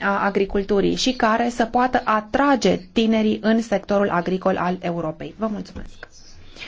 a agriculturii și care să poată atrage tinerii în sectorul agricol al Europei. Vă mulțumesc!